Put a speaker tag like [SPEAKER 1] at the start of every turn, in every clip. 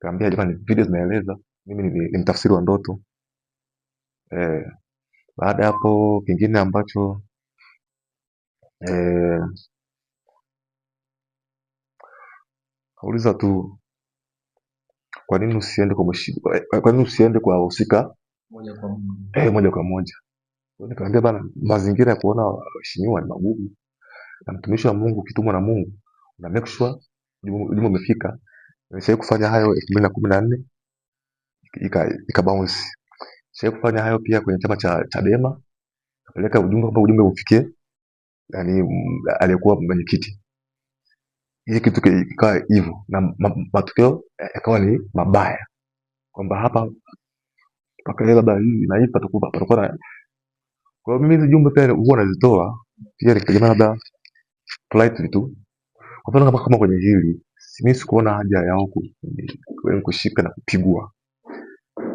[SPEAKER 1] Kaambia jamani, video zinaeleza mimi ni mtafsiri wa ndoto eh. Baada ya hapo kingine ambacho e, kauliza tu kwa nini usiende kwa mshi, kwa nini usiende kwa wahusika
[SPEAKER 2] moja kwa moja
[SPEAKER 1] eh, moja kwa moja. Nikamwambia bana, mazingira ya kuona waheshimiwa ni magumu, na mtumishi wa Mungu ukitumwa na Mungu una make sure ujumbe umefika nimeshawahi kufanya hayo elfu mbili na kumi na nne ika ikabounce. Nilishawai kufanya hayo pia kwenye chama cha Chadema, kapeleka ujumbe kwamba ujumbe ufikie yani aliyekuwa mwenyekiti. Hii kitu kikawa hivyo na matokeo yakawa ni mabaya kwamba hapa mpaka hela labda hii inaipa tu patakuwa na kwa hiyo mimi hizi jumbe pia huwa nazitoa pia nikitegemea labda politely tu kwa mfano kama kwenye hili mimi sikuona haja yao kushika na kupigwa.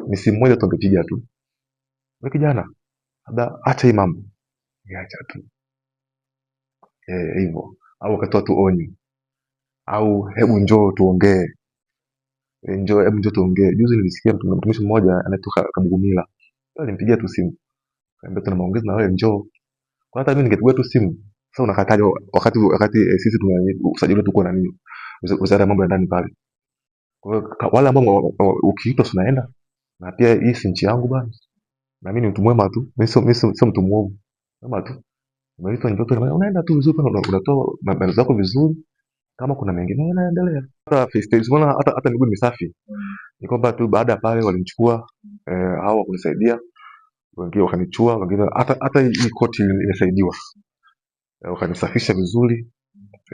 [SPEAKER 1] Ni simu moja tu angepiga tu. Wewe kijana, labda acha hii mambo. acha tu. Eh, hivyo. Au wakatoa tu onyo. Au hebu njoo tuongee. E, njoo hebu njoo tuongee. Juzi nilisikia mtu mtumishi mmoja anatoka Kabugumila. Nilimpigia tu simu. Kaambia tuna maongezi na wewe njoo. Kwa hata mimi ningepigwa tu simu sasa unakataja wakati wakati e, sisi tuna usajili tuko na nini? Wizara ya mambo ya ndani pale. Kwa hiyo wale ambao ukiitwa tunaenda na pia hii si nchi yangu bwana Na mimi ni mtu mwema tu. Mimi sio sio mtu mwovu. Kama tu umeitwa ndio tu unaenda tu vizuri pale unatoa maelezo yako vizuri. Kama kuna mengine yanaendelea. Hata face mbona hata hata miguu ni safi. Ni kwamba tu baada ya pale walimchukua eh, hao wakunisaidia wengine wakanichua, wengine hata hata hii koti imesaidiwa wakanisafisha eh, vizuri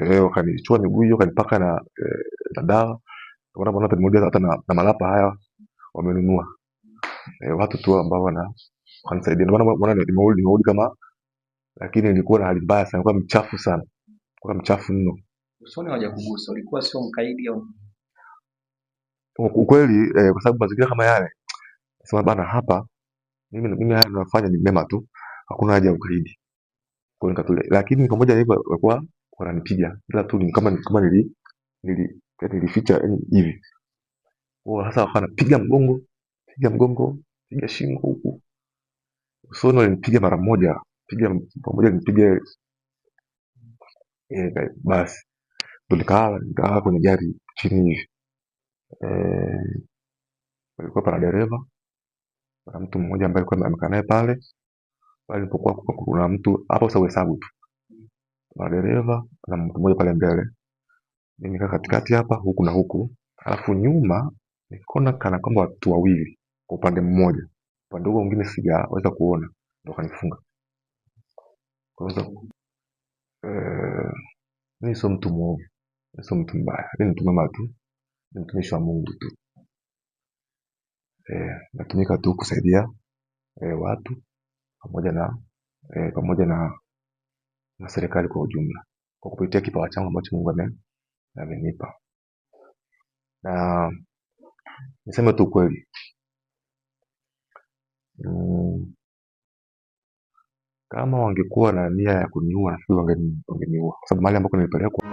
[SPEAKER 1] eh, wakanichua miguu hiyo wakanipaka na, eh, na dawa. kuna maana hata hata na, na malapa haya wamenunua eh, watu tu ambao wana wanisaidia. Ndio ni mauli ni mauli kama, lakini nilikuwa na hali mbaya sana, kwa mchafu sana, kwa mchafu mno.
[SPEAKER 2] Usoni kugusa ulikuwa sio mkaidi au
[SPEAKER 1] ukweli eh, kwa sababu mazingira kama yale sema bana, hapa mimi mimi haya ninayofanya ni mema tu, hakuna haja ya ukaidi. Kwa hiyo nikatulia, lakini pamoja na hivyo walikuwa wananipiga ila tu kama kama nili nili yaani nilificha yaani hivi. Wao sasa wakawa napiga mgongo, piga mgongo, piga shingo huku. Usoni walinipiga mara moja, piga pamoja nipige eh, basi ndo nikaa nikalala kwenye gari chini hivi eh, palikuwa pana dereva pana mtu mmoja ambaye alikuwa amekaa naye pale pale ilipokuwa kuna mtu hapo, sasa uhesabu tu, kuna dereva na mtu mmoja pale mbele, mimi kaa katikati hapa, huku na huku, alafu nyuma nikaona kana kwamba watu wawili kwa upande mmoja, upande huo mwingine sijaweza kuona, ndo kanifunga kwanza. Eh, mimi sio mtu mwovu, sio mtu mbaya, mimi mtu mwema tu, ni mtumishi wa Mungu tu. Eh, natumika tu kusaidia eh, watu pamoja na e, pamoja na, na serikali kwa ujumla kwa kupitia kipawa changu ambacho Mungu amenipa. Na niseme tu kweli mm, kama wangekuwa na nia ya kuniua nafikiri wangeniua, kwa sababu mahali ambako nilipelekwa